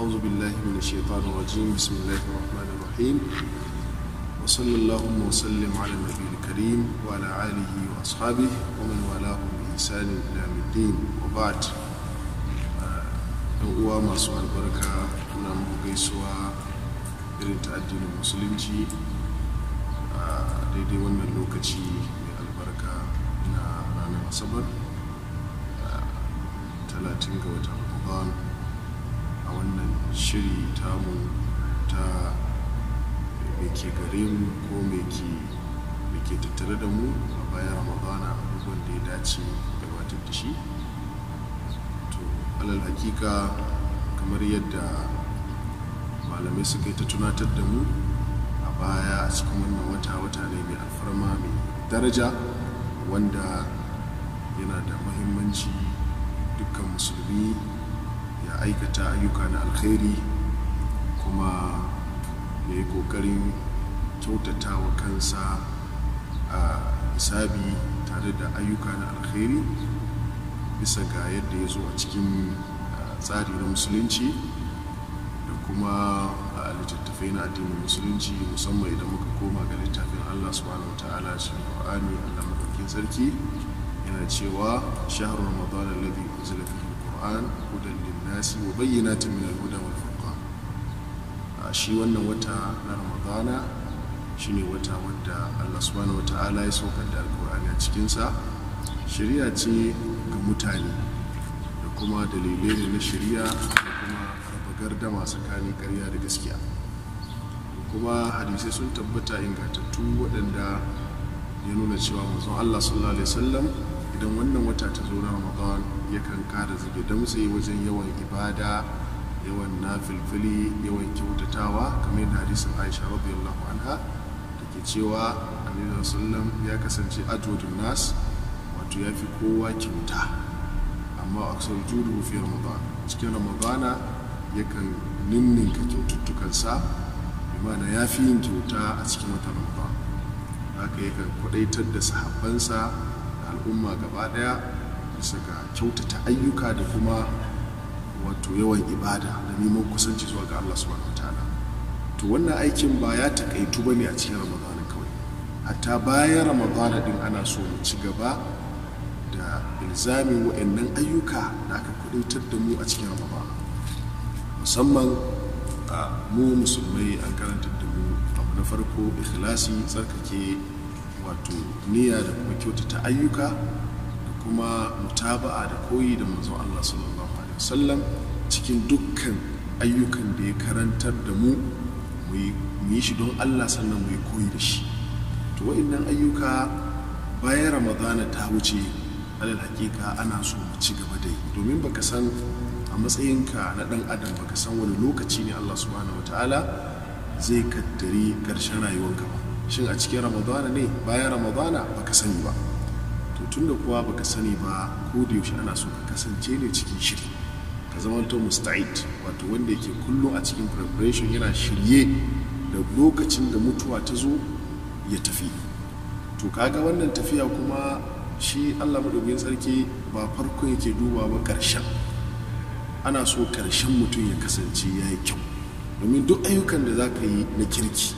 أعوذ بالله من الشيطان الرجيم بسم الله الرحمن الرحيم وصلى اللهم وسلم على النبي الكريم وعلى آله وأصحابه ومن والاه بإحسان إلى الدين وبعد uwa masu albarka muna gaisuwa irin ta addinin musulunci a daidai wannan lokaci mai albarka na ranar asabar ga watan a wannan shiri tamu ta me ke gare mu ko me ke tattare da mu a bayan ramadana abubuwan da ya dace gabatar da shi to alal hakika kamar yadda malamai suka yi ta tunatar da mu a baya a cikin wannan wata wata ne mai alfarma mai daraja wanda yana da muhimmanci dukkan musulmi ya aikata ayyuka na alkhairi kuma ya yi ƙoƙarin kyautata wa kansa a hisabi tare da ayyuka na alkhairi bisa ga yadda ya zo a cikin tsari na musulunci da kuma a littattafai na addinin musulunci musamman idan muka koma ga littafin allah subhanahu ta'ala shi qur'ani allah sarki yana cewa shahararwa ramadan alladhi unzila qur'an hudan linnasi wa bayyinatin min al-huda shi wannan wata na ramadana shine wata wanda Allah subhanahu wata'ala ya saukar da alqur'ani a cikin sa shari'a ce ga mutane da kuma dalilai ne na shari'a da kuma raba gardama tsakanin ƙarya da gaskiya kuma hadisai sun tabbata ingantattu waɗanda ya nuna cewa manzon Allah sallallahu alaihi wasallam idan wannan wata ta zo na ramadan yakan kara zage damtse wajen yawan ibada yawan filfili yawan kyautatawa kamar da hadisin aisha radiyallahu anha da ke cewa annabi sallam ya kasance ajwadun nas wato ya fi kowa kyauta amma aksar judu fi ramadan cikin ramadan yakan ninninka kyaututtukansa imana ya fi yin kyauta a cikin wata ramadan haka yakan kwadaitar da sahabbansa al'umma gaba daya bisa ga kyautata ayyuka da kuma wato yawan ibada da neman kusanci zuwa ga Allah subhanahu wataala to wannan aikin ba ya ba bane a cikin ramadana kawai hatta bayan ramadana din ana so mu ci gaba da ilzamin wa'annan ayyuka da aka kudaitar da mu a cikin ramadana musamman mu musulmai an karanta da mu abu na farko ikhlasi tsarkake wato niyya da kuma ta ayyuka da kuma mutaba'a da koyi da manzon Allah sallallahu alaihi wasallam cikin dukkan ayyukan da ya karantar da mu mu yi shi don Allah sannan mu yi koyi da shi to wa'annan ayyuka bayan ramadana ta wuce alal hakika ana so mu ci gaba da yi domin baka san a matsayinka na dan adam baka san wani lokaci ne Allah subhanahu wataala zai kaddari karshen rayuwarka ba shin a cikin ramadana ne bayan ramadana baka sani ba to tunda kuwa baka sani ba ko da yaushe ana so ka kasance ne cikin shiri ka zama to musta'id wato wanda yake kullum a cikin preparation yana shirye da lokacin da mutuwa ta zo ya tafi to kaga wannan tafiya kuma shi allah maɗaukin tsarki ba farko yake duba ba ƙarshen ana so ƙarshen mutum ya kasance ya yi kyau domin duk ayyukan da za ka yi na kirki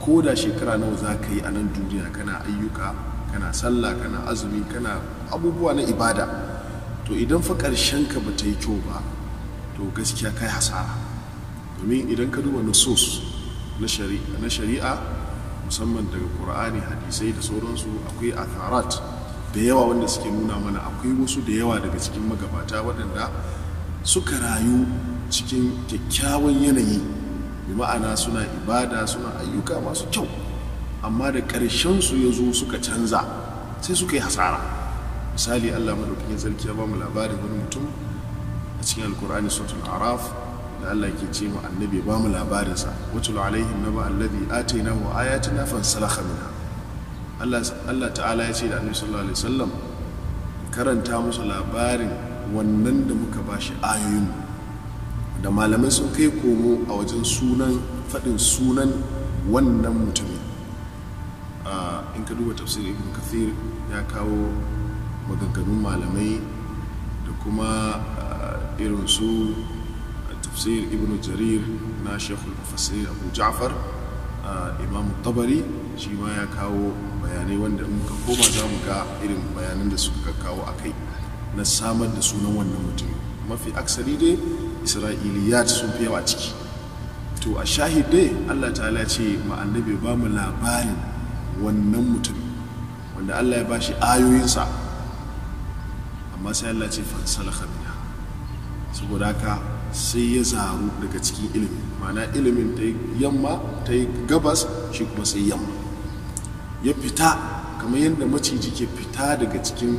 ko da shekara nawa za ka yi a nan duniya kana ayyuka kana sallah kana azumi kana abubuwa na ibada to idan fa ƙarshen ka ba ta yi kyau ba to gaskiya kai hasara domin idan ka duba nasos na shari'a musamman daga ƙur'ani hadisai da sauransu akwai atharat da yawa wanda suke nuna mana akwai wasu da yawa daga cikin magabata waɗanda suka rayu cikin kyakkyawan yanayi bi ma'ana suna ibada suna ayyuka masu kyau amma da ƙarshen su ya zo suka canza sai suka yi hasara misali allah madaukakin sarki ya ba mu labarin wani mutum a cikin alkur'ani suratul araf da allah ke ce mu annabi ba mu labarinsa watul alaihim naba allazi atayna wa na fan minha mina allah ta'ala ya ce da annabi sallallahu alaihi wasallam karanta musu labarin wannan da muka shi ayoyin mu da malamai sun kai komo a wajen sunan faɗin sunan wannan mutumin in ka duba tafsir ibn kathir ya kawo maganganun malamai da kuma irin su tafsir ibn jarir na shekul mafasir abu ja'far imam tabari shi ma ya kawo bayanai wanda in ka koma za mu ga irin bayanan da suka kawo a kai na samar da sunan wannan mutum mafi aksari dai isra'iliyat sun fi yawa ciki to a shahidai allah ta'ala ce ma annabi ba mu labarin wannan mutum wanda allah ya bashi ayoyinsa amma sai allah ce fansalaka saboda haka sai ya zaru daga cikin ilimi mana ilimin ta yi yamma ta yi gabas shi kuma sai yamma ya fita kamar yadda maciji ke fita daga cikin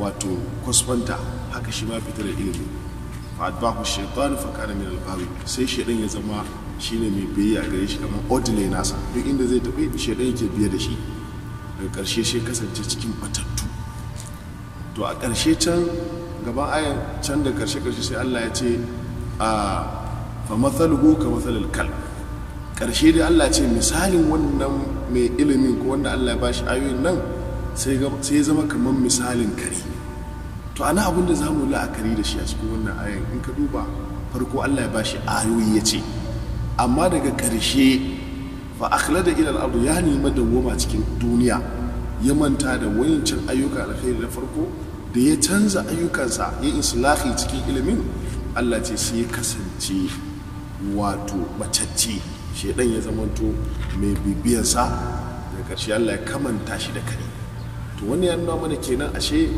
wato kwasfanta haka shi ma fita da ilimi fa'adbahu shaitanu fakana min al sai shaitan ya zama shine mai biyayya gare shi kamar ordinary nasa duk inda zai tafi shaitan yake biye da shi daga karshe sai kasance cikin batattu to a karshe can gaban ayan can da karshe karshe sai Allah ya ce a fa mathaluhu ka mathalil kalb karshe dai Allah ce misalin wannan mai ilimin ko wanda Allah ya bashi ayoyin nan sai ya zama kamar misalin kare to ana abin da zamu la'akari da shi a cikin wannan ayan in ka duba farko Allah ya bashi ayoyi ya ce amma daga ƙarshe fa akhlada ila al-ard ya nemi goma cikin duniya ya manta da wayancin ayyuka alkhairi na farko da ya canza ayyukansa ya islahi cikin ilimin Allah ce sai ya kasance wato bacacce shedan ya zamanto mai bibiyansa daga ƙarshe Allah ya kamanta shi da kare to wani ya nuna mana kenan ashe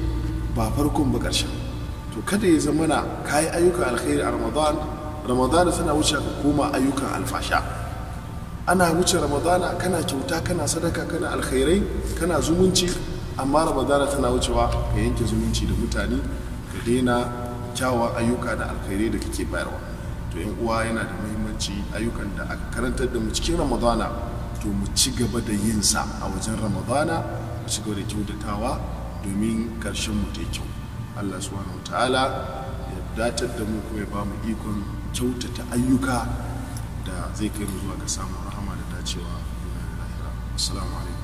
ba farkon ba ƙarshen to kada ya zama na kayi ayyukan alkhairi a ramadan ramadana suna wuce ka koma ayyukan alfasha ana wuce ramadana kana kyauta kana sadaka kana alkhairai kana zumunci amma ramadana tana wucewa ka yanke zumunci da mutane ka daina kyawawan ayyuka da alkhairai da kake bayarwa to yan uwa yana da muhimmanci ayyukan da aka karantar da mu cikin ramadana to mu ci gaba da yin sa a wajen ramadana mu ci gaba da kyautatawa domin karshen mu ta kyau allah subhanahu ta'ala ya datar da mu kuma ya ba mu ikon kyautata ayyuka da zai kai mu zuwa ga samun rahama da dacewa da lahira assalamu alaikum